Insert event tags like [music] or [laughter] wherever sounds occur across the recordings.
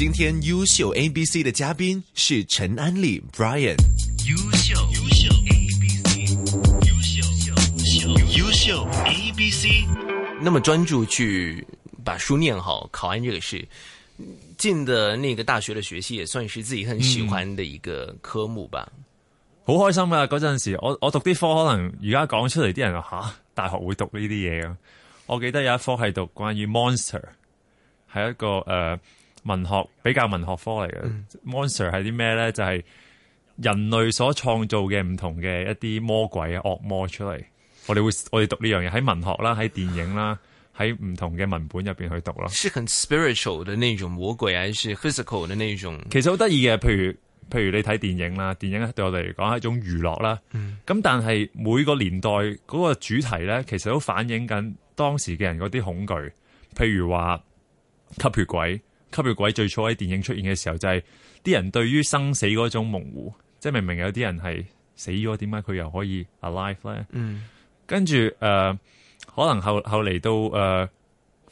今天優秀 A B C 的嘉賓是陳安利 Brian。優秀優秀 A B C，優秀優秀 A B C。那麼專注去把書念好，考完這個試，進的那個大學的學習也算是自己很喜歡的一個科目吧。好、嗯、開心噶！嗰陣時，我我讀啲科，可能而家講出嚟，啲人話吓，大學會讀呢啲嘢咯。我記得有一科係讀關於 monster，係一個誒。呃文學比較文學科嚟嘅、嗯、Monster 係啲咩咧？就係、是、人類所創造嘅唔同嘅一啲魔鬼、惡魔出嚟。我哋會我哋讀呢樣嘢喺文學啦，喺電影啦，喺唔同嘅文本入邊去讀咯。是很 spiritual 的那種魔鬼，還是 physical 的那種？其實好得意嘅，譬如譬如你睇電影啦，電影咧對我哋嚟講係一種娛樂啦。咁、嗯、但係每個年代嗰、那個主題咧，其實都反映緊當時嘅人嗰啲恐懼，譬如話吸血鬼。吸血鬼最初喺電影出現嘅時候，就係、是、啲人對於生死嗰種模糊，即係明明有啲人係死咗，點解佢又可以 alive 咧？嗯。跟住誒，可能後後嚟到誒、呃、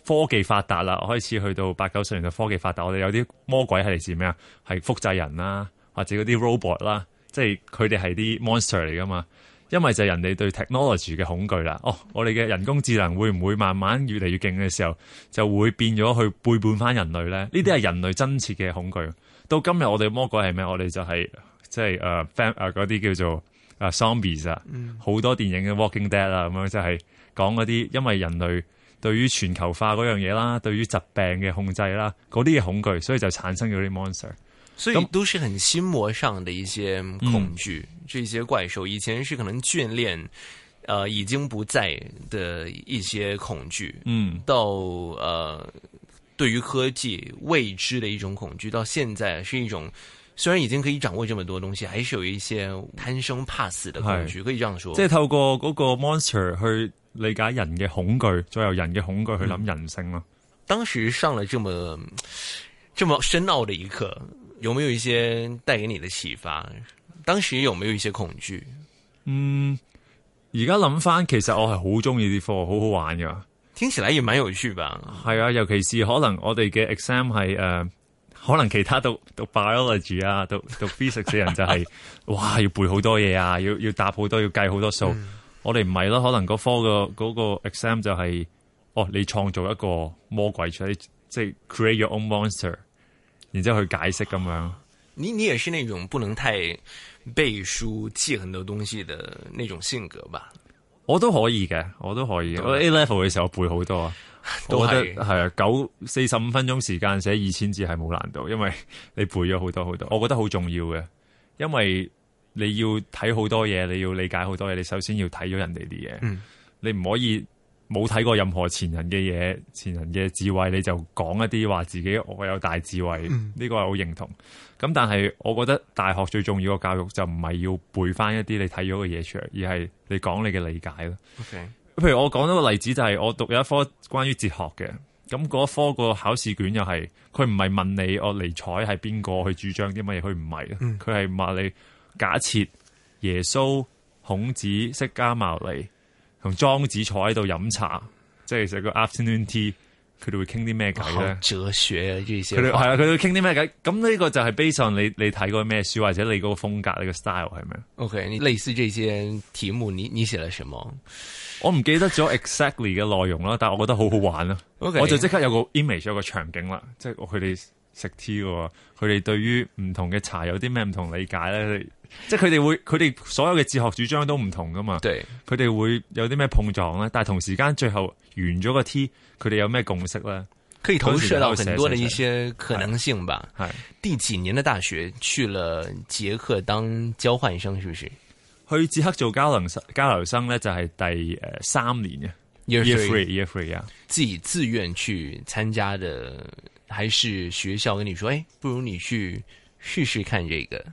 科技發達啦，開始去到八九十年代科技發達，我哋有啲魔鬼係嚟自咩啊？係複製人啦、啊，或者嗰啲 robot 啦、啊，即係佢哋係啲 monster 嚟㗎嘛。因為就係人哋對 technology 嘅恐懼啦，哦，我哋嘅人工智能會唔會慢慢越嚟越勁嘅時候，就會變咗去背叛翻人類咧？呢啲係人類真切嘅恐懼。到今日我哋魔鬼係咩？我哋就係即係誒，誒嗰啲叫做誒 zombies 啊，好多電影嘅 walking dead 啊，咁樣就係講嗰啲因為人類對於全球化嗰樣嘢啦，對於疾病嘅控制啦，嗰啲嘅恐懼，所以就產生咗啲 monster。所以都是很心魔上的一些恐懼，嗯，這些怪獸以前是可能眷戀，呃，已經不在的一些恐懼，嗯，到呃，對於科技未知的一種恐懼，到現在是一種雖然已經可以掌握這麼多東西，還是有一些貪生怕死的恐懼，可以這樣說。即係透過嗰個 monster 去理解人嘅恐懼，再由人嘅恐懼去諗人性咯，嗯。當時上了這麼這麼深奧的一課。有沒有一些帶給你的啟發？當時有沒有一些恐懼？嗯，而家諗翻，其實我係好中意啲科，好好玩㗎。聽起來也蠻有趣吧？係啊，尤其是可能我哋嘅 exam 係誒，可能其他讀讀 biology 啊，讀讀,讀,讀,讀,讀 physics 嘅人就係、是， [laughs] 哇，要背好多嘢啊，要要答好多，要計好多數、嗯。我哋唔係咯，可能嗰科個的、那個 exam 就係、是，哦，你創造一個魔鬼出嚟，即、就、係、是、create your own monster。然之後去解釋咁樣，你你也是那種不能太背書記很多東西的那種性格吧？我都可以嘅，我都可以。我 A level 嘅時候背好多啊，我覺得係啊，九四十五分鐘時間寫二千字係冇難度，因為你背咗好多好多，我覺得好重要嘅，因為你要睇好多嘢，你要理解好多嘢，你首先要睇咗人哋啲嘢，你唔可以。冇睇過任何前人嘅嘢，前人嘅智慧，你就講一啲話自己我有大智慧，呢、嗯，這個係好認同。咁但係我覺得大學最重要嘅教育就唔係要背翻一啲你睇咗嘅嘢出嚟，而係你講你嘅理解咯。OK，譬如我講到個例子就係、是、我讀有一科關於哲學嘅，咁嗰一科個考試卷又係佢唔係問你我尼采係邊個去主張啲乜嘢，佢唔係，佢係話你假設耶穌、孔子、釋迦牟尼，同莊子坐喺度飲茶，即係其實個 afternoon tea，佢哋會傾啲咩偈咧？好哲學、啊，這些佢哋係啊，佢哋會傾啲咩偈？咁呢個就係 based on 你你睇過咩書，或者你嗰個風格，你個 style 係咩？OK，你類似這些題目，你你寫咗什麼？我唔記得咗 exactly 嘅內容啦，但係我覺得好好玩啊！Okay. 我就即刻有個 image，有個場景啦，即係我佢哋。食 tea 嘅，佢哋對於唔同嘅茶有啲咩唔同理解咧？即係佢哋會佢哋所有嘅哲學主張都唔同噶嘛，對，佢哋會有啲咩碰撞咧？但係同時間最後完咗個 tea，佢哋有咩共識咧？可以投射到很多的一些可能性吧。係第幾年嘅大學去了捷克當交換生是不是？是唔是去捷克做交流交流生咧？就係第誒三年 y 啊，自己自願去參加嘅。還是學校跟你說，誒、哎，不如你去試試看這個。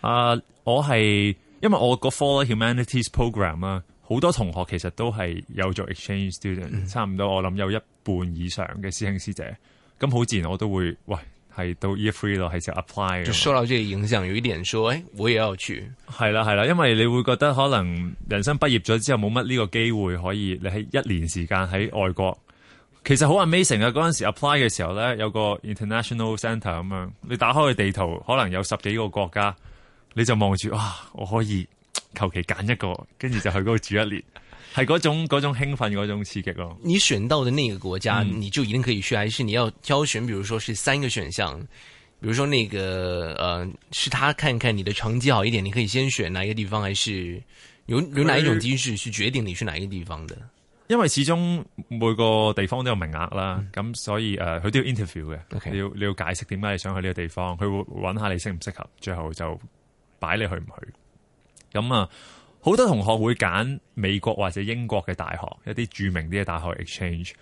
啊、uh，我係因為我個 follow humanities program，好多同學其實都係有做 exchange student，mm -hmm. 差唔多我諗有一半以上嘅師兄師姐，咁好自然我都會，喂，係到 year three 咯，係就 apply。就受到這個影響，有一點說，誒，我也要去。係啦係啦，因為你會覺得可能人生畢業咗之後冇乜呢個機會，可以你喺一年時間喺外國。其實好 amazing 啊！嗰陣時 apply 嘅時候呢，有個 international center 咁樣，你打開個地圖，可能有十幾個國家，你就望住啊，我可以求其揀一個，跟住就去嗰度住一年，係 [laughs] 嗰種嗰種興奮嗰種刺激咯。你選到的那個國家，你就一定可以去，嗯、還是你要挑選？比如說是三個選項，比如說那個，呃，是他看看你的成績好一點，你可以先選哪一個地方，還是有有哪一種機制去決定你去哪一個地方的？因為始終每個地方都有名額啦，咁、嗯、所以誒佢、uh, 都要 interview 嘅、okay.，你要要解釋點解你想去呢個地方，佢會揾下你適唔適合，最後就擺你去唔去。咁啊，好、uh, 多同學會揀美國或者英國嘅大學，一啲著名啲嘅大學 exchange，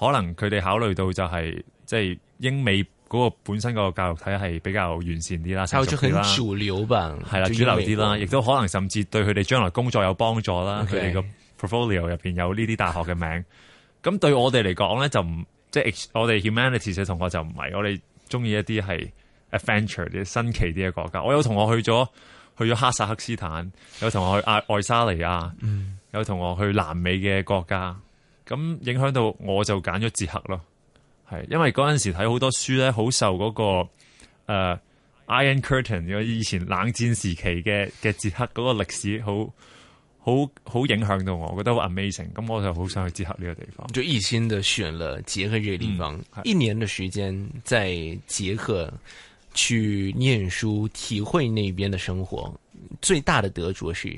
可能佢哋考慮到就係即係英美嗰個本身個教育體系比較完善啲啦，相對啦，係啦主流啲啦，亦都可能甚至對佢哋將來工作有幫助啦，佢哋咁。portfolio 入邊有呢啲大學嘅名，咁對我哋嚟講咧就唔即係我哋 humanities 嘅同學就唔係，我哋中意一啲係 adventure 啲新奇啲嘅國家。我有同學去咗去咗哈薩克斯坦，有同學去阿愛沙尼亞、嗯，有同學去南美嘅國家，咁影響到我就揀咗捷克咯，係因為嗰陣時睇好多書咧，好受嗰、那個誒、呃、Iron Curtain，以前冷戰時期嘅嘅捷克嗰個歷史好。很好好影響到我，我覺得好 amazing，咁我就好想去捷克呢個地方。就一心的選了捷克呢個地方，嗯、一年嘅時間在捷克去念書、體會那邊的生活。最大的得著是，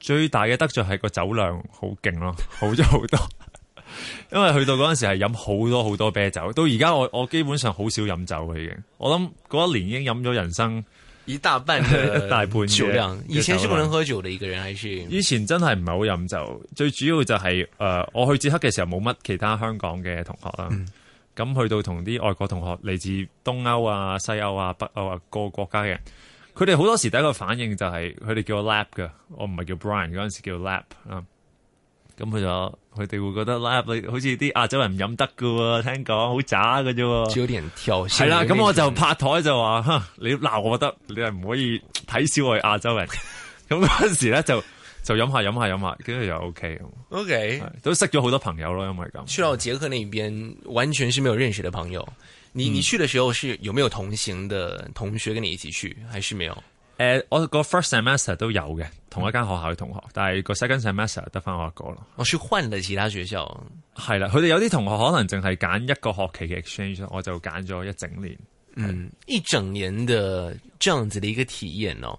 最大的得着係個酒量好勁咯，好咗好多。 [laughs] 因為去到嗰陣時係飲好多好多啤酒，到而家我我基本上好少飲酒嘅，已經。我諗嗰一年已經飲咗人生一大半的 [laughs] 一大半的酒量。以前是不能喝酒的一個人，還是？以前真係唔係好飲，酒。最主要就係、是、誒、呃，我去捷克嘅時候冇乜其他香港嘅同學啦。咁、嗯、去到同啲外國同學，嚟自東歐啊、西歐啊、北歐啊各個國家嘅，佢哋好多時第一個反應就係佢哋叫我 lap 噶，我唔係叫 Brian，嗰陣時叫 lap 啊、嗯。咁佢就佢哋會覺得拉入去好似啲亞洲人唔飲得噶，聽講好渣噶啫，有啲人跳係啦。咁我就拍台就話，你鬧，我得你係唔可以睇小我哋亞洲人。咁嗰陣時咧就就飲下飲下飲下，跟住就 O、OK, K、okay.。O K 都識咗好多朋友咯，因為咁。去到捷克呢邊，完全係未有認識嘅朋友。你你去嘅時候是有沒有同行嘅同學跟你一起去，還是沒有？誒、uh，我個 first semester 都有嘅，同一間學校嘅同學，但係個 second semester 得翻我一個咯。我去換咗其他學校，係啦，佢哋有啲同學可能淨係揀一個學期嘅 exchange，我就揀咗一整年。嗯，一整年的這樣子的一個體驗哦。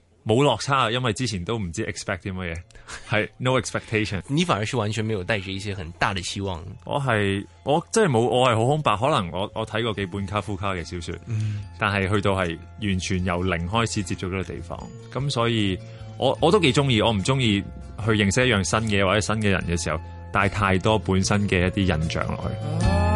冇落差啊，因為之前都唔知 expect 啲乜嘢，係 [laughs] no expectation。你反而是完全沒有帶着一些很大的希望。我係我真係冇，我係好空白。可能我我睇過幾本卡夫卡嘅小說，嗯、但係去到係完全由零開始接觸呢個地方。咁所以我我都幾中意，我唔中意去認識一樣新嘢或者新嘅人嘅時候帶太多本身嘅一啲印象落去。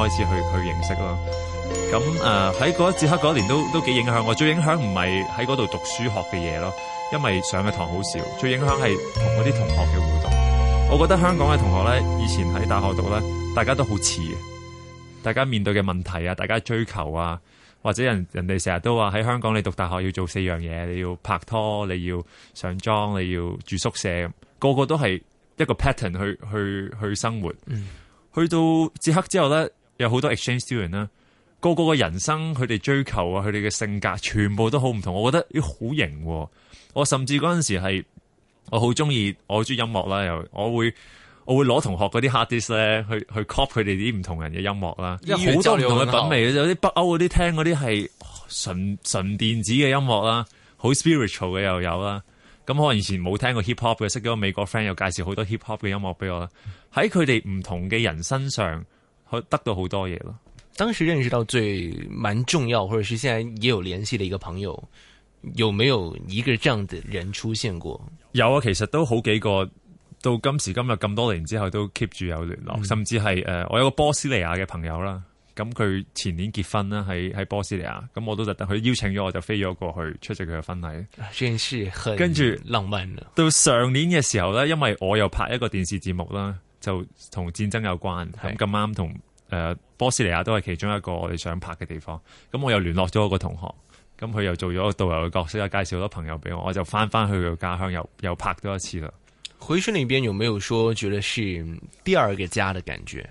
開始去去認識咯，咁誒喺嗰捷克嗰年都都幾影響我。最影響唔係喺嗰度讀書學嘅嘢咯，因為上嘅堂好少。最影響係同嗰啲同學嘅互動。我覺得香港嘅同學咧，以前喺大學讀咧，大家都好似嘅，大家面對嘅問題啊，大家追求啊，或者人人哋成日都話喺香港你讀大學要做四樣嘢，你要拍拖，你要上莊，你要住宿舍，個個都係一個 pattern 去去去，去生活。嗯，去到捷克之後咧。有好多 exchange student 啦，個個嘅人生佢哋追求啊，佢哋嘅性格全部都好唔同。我覺得咦，好型。我甚至嗰陣時係我好中意，我中意音樂啦。又我會我會攞同學嗰啲 hard disk 咧去去 copy 佢哋啲唔同人嘅音樂啦。有好、就是、多唔同嘅品味，有啲北歐嗰啲聽嗰啲係純純電子嘅音樂啦，好 spiritual 嘅又有啦。咁可能以前冇聽過 hip hop，又識咗個美國 friend，又介紹好多 hip hop 嘅音樂俾我，啦。喺佢哋唔同嘅人身上，得到好多嘢咯！當時認識到最蠻重要，或者是現在也有聯繫的一個朋友，有沒有一個這樣的人出現過？有啊，其實都好幾個，到今時今日咁多年之後都 keep 住有聯絡，嗯，甚至係誒、呃，我有個波斯尼亞嘅朋友啦，咁佢前年結婚啦，喺喺波斯尼亞，咁我都特登佢邀請咗，我就飛咗過去出席佢嘅婚禮，真是很跟住浪漫到上年嘅時候呢，因為我又拍一個電視節目啦。就同戰爭有關，咁咁啱同誒波斯尼亞都係其中一個我哋想拍嘅地方。咁我又聯絡咗個同學，咁佢又做咗個導遊嘅角色，又介紹好多朋友俾我，我就翻翻去佢嘅家鄉，又又拍多一次啦。回順裏邊有沒有說覺得是第二個家嘅感覺？誒、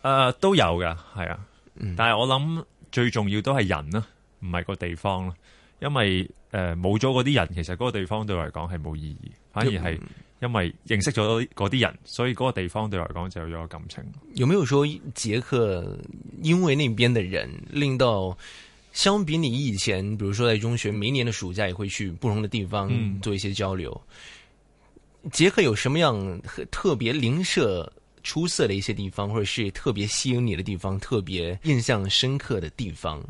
呃，都有嘅，係啊、嗯，但係我諗最重要都係人啦，唔係個地方啦，因為誒冇咗嗰啲人，其實嗰個地方對我嚟講係冇意義，反而係。因為認識咗嗰啲人，所以嗰個地方對我嚟講就有咗感情。有沒有說捷克因為那邊的人令到相比你以前，比如說在中學，每年的暑假也會去不同的地方做一些交流？捷、嗯、克有什麼樣特別零舍出色的一些地方，或者是特別吸引你的地方，特別印象深刻的地方？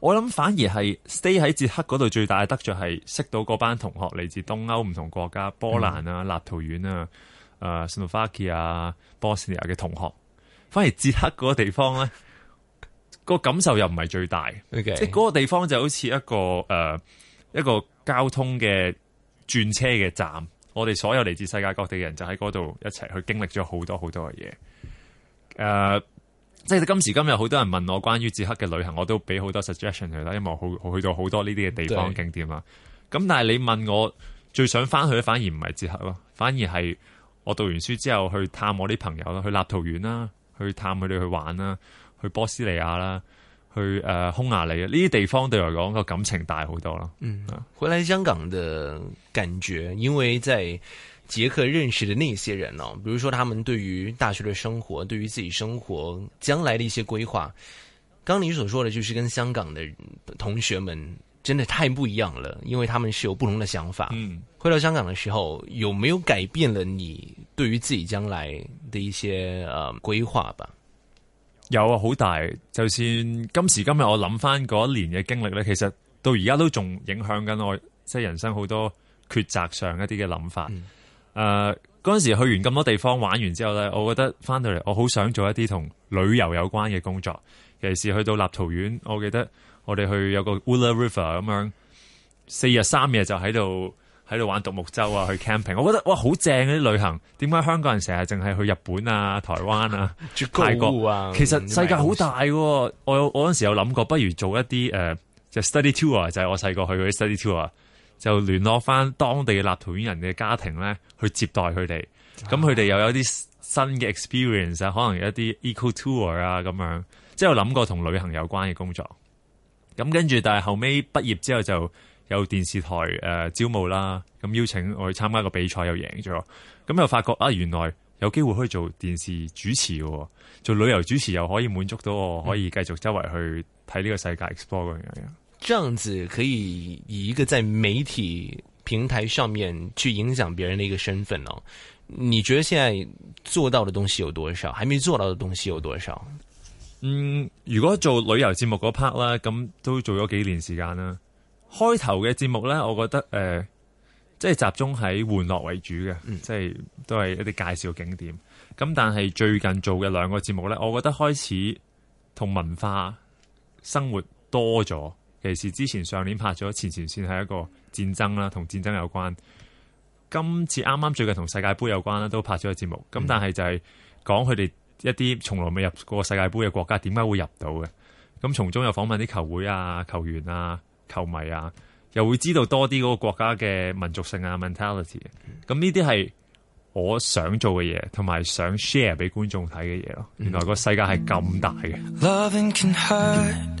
我諗反而係 stay 喺捷克嗰度最大嘅得着係識到嗰班同學嚟自東歐唔同國家，波蘭啊、立陶宛啊、啊、呃、斯洛伐克啊、波斯尼亞嘅同學，反而捷克嗰個地方咧、個感受又唔係最大嘅，okay. 即係嗰個地方就好似一個誒、呃、一個交通嘅轉車嘅站，我哋所有嚟自世界各地嘅人就喺嗰度一齊去經歷咗好多好多嘅嘢，誒、呃。即係今時今日，好多人問我關於捷克嘅旅行，我都俾好多 suggestion 佢啦，因為我好去到好多呢啲嘅地方景點啦。咁但係你問我最想翻去，反而唔係捷克咯，反而係我讀完書之後去探我啲朋友啦，去立陶宛啦，去探佢哋去玩啦，去波斯尼亞啦，去誒、呃、匈牙利啊，呢啲地方對我嚟講個感情大好多咯。嗯，回來香港的感覺，因為在。傑克認識的那些人咯，比如說他們對於大學的生活，對於自己生活將來的一些規劃。剛剛你所說的就是跟香港的同學們真的太不一樣了，因為他們是有不同的想法。嗯，回到香港的時候，有沒有改變了你對於自己將來的一些呃規劃吧？有啊，好大。就算今時今日，我諗翻嗰一年嘅經歷呢，其實到而家都仲影響緊我，即係人生好多抉擇上一啲嘅諗法。嗯誒，嗰陣時去完咁多地方玩完之後咧，我覺得翻到嚟我好想做一啲同旅遊有關嘅工作。尤其是去到立陶宛，我記得我哋去有個 Ulla River 咁樣，四日三夜就喺度喺度玩獨木舟啊，去 camping。我覺得哇，好正嗰啲旅行。點解香港人成日淨係去日本啊、台灣啊、啊、泰國啊？其實世界好大啊。我有我嗰陣時有諗過，不如做一啲誒，就、uh, study tour，就係我細個去嗰啲 study tour。就聯絡翻當地嘅立陶宛人嘅家庭咧，去接待佢哋。咁佢哋又有啲新嘅 experience 啊，可能有一啲 eco tour 啊咁樣，即係諗過同旅行有關嘅工作。咁跟住，但係後尾畢業之後就有電視台、呃、招募啦，咁邀請我去參加一個比賽又贏咗，咁又發覺啊，原來有機會可以做電視主持喎，做旅遊主持又可以滿足到我，可以繼續周圍去睇呢個世界、嗯、explore 咁樣這樣子可以以一個在媒體平台上面去影響別人的一個身份咯。你覺得現在做到的東西有多少？還沒做到的東西有多少？嗯，如果做旅遊節目嗰 part 啦，咁都做咗幾年時間啦。開頭嘅節目呢，我覺得誒、呃，即係集中喺玩樂為主嘅，嗯，即係都係一啲介紹景點。咁但係最近做嘅兩個節目呢，我覺得開始同文化生活多咗。其實之前上年拍咗《前前線》，係一個戰爭啦，同戰爭有關。今次啱啱最近同世界盃有關啦，都拍咗個節目。咁、嗯、但係就係講佢哋一啲從來未入過世界盃嘅國家點解會入到嘅。咁從中又訪問啲球會啊、球員啊、球迷啊，又會知道多啲嗰個國家嘅民族性啊、mentality、嗯。咁呢啲係我想做嘅嘢，同埋想 share 俾觀眾睇嘅嘢咯。原來個世界係咁大嘅。Love can hurt.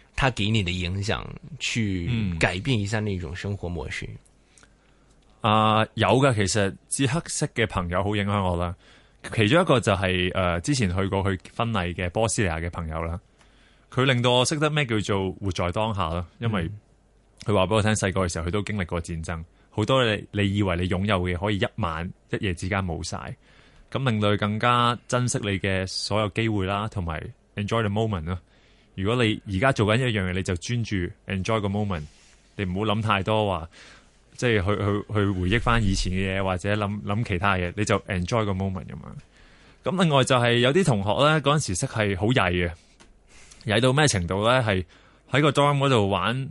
他給你的影響，去改變一下那種生活模式。啊、嗯呃，有噶，其實至黑色嘅朋友好影響我啦。其中一個就係、是、誒、呃，之前去過佢婚禮嘅波斯尼亞嘅朋友啦。佢令到我識得咩叫做活在當下咯，因為佢話俾我聽，細個嘅時候佢都經歷過戰爭，好多你你以為你擁有嘅可以一晚一夜之間冇曬，咁令到佢更加珍惜你嘅所有機會啦，同埋 enjoy the moment 咯。如果你而家做緊一樣嘢，你就專注 enjoy 個 moment，你唔好諗太多話，即係去去去回憶翻以前嘅嘢，或者諗諗其他嘢，你就 enjoy 個 moment 咁樣。咁另外就係有啲同學咧，嗰陣時識係好曳嘅，曳到咩程度咧？係喺個 dorm 嗰度玩，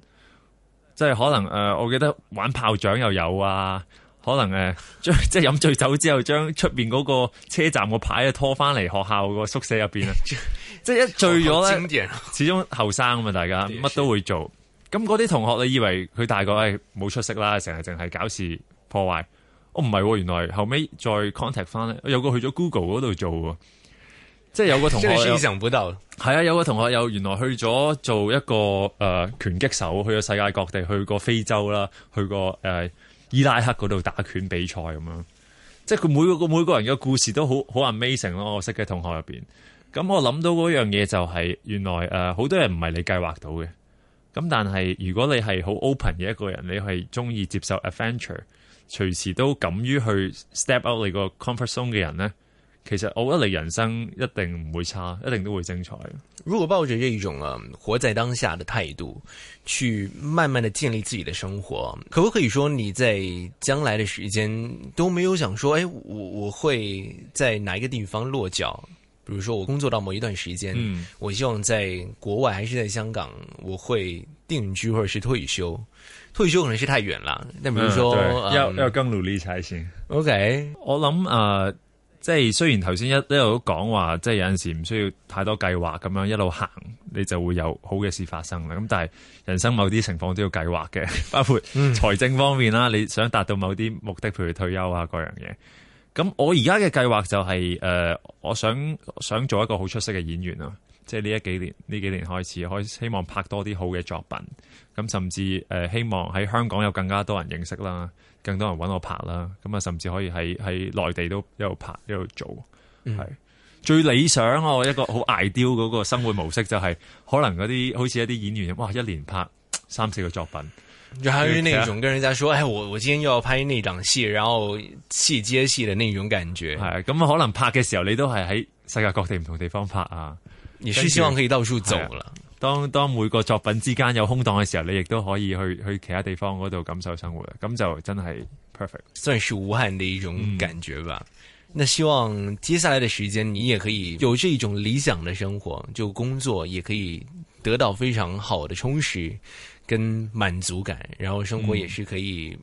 即係可能誒、呃，我記得玩炮仗又有啊。可能誒，將即係飲醉酒之後，將出邊嗰個車站個牌啊拖翻嚟學校個宿舍入邊啊！即係一醉咗始終後生啊嘛，大家乜都會做。咁嗰啲同學，你以為佢大個誒冇出息啦，成日淨係搞事破壞。我唔係喎，原來後尾再 contact 翻咧，有個去咗 Google 嗰度做。即係有個同學，意想不到。係啊，有個同學又原來去咗做一個誒、呃、拳擊手，去咗世界各地，去過非洲啦，去過誒。呃伊拉克嗰度打拳比賽咁樣，即係佢每個每個每個人嘅故事都好好 amazing 咯。我識嘅同學入面咁我諗到嗰樣嘢就係、是、原來好、呃、多人唔係你計劃到嘅，咁但係如果你係好 open 嘅一個人，你係中意接受 adventure，隨時都敢於去 step out 你個 comfort zone 嘅人咧。其實我覺得你人生一定唔會差，一定都會精彩。如果抱着這一種啊活在當下的態度，去慢慢的建立自己的生活，可不可以說你在將來的時間都沒有想說，哎、欸、我我會在哪一個地方落腳？比如說我工作到某一段時間、嗯，我希望在國外還是在香港，我會定居，或者是退休？退休可能是太遠了。那比如說，要、嗯、要更努力才行。OK，我諗啊。呃即係雖然頭先一一路都講話，即係有陣時唔需要太多計劃咁樣一路行，你就會有好嘅事發生啦。咁但係人生某啲情況都要計劃嘅，包括財政方面啦、嗯。你想達到某啲目的，譬如退休啊嗰樣嘢。咁我而家嘅計劃就係、是、誒、呃，我想想做一個好出色嘅演員啦。即係呢，一幾年呢幾年開始，開希望拍多啲好嘅作品，咁甚至誒，希望喺香港有更加多人認識啦，更多人揾我拍啦，咁啊，甚至可以喺喺內地都一路拍一路做，係、嗯、最理想我一個好 ideal 嗰個生活模式就係、是、可能嗰啲好似一啲演員哇，一年拍三四個作品，就係嗰種跟人家說，誒、哎、我我今天又要拍那場戲，然後戲接戲的那種感覺。係咁可能拍嘅時候你都係喺世界各地唔同地方拍啊。你是希望可以到處走了，啊，當當每個作品之間有空檔嘅時候，你亦都可以去去其他地方嗰度感受生活，咁就真係 perfect，算是無憾的一種感覺吧，嗯。那希望接下來的時間，你也可以有這種理想的生活，就工作也可以得到非常好的充實跟滿足感，然後生活也是可以、嗯。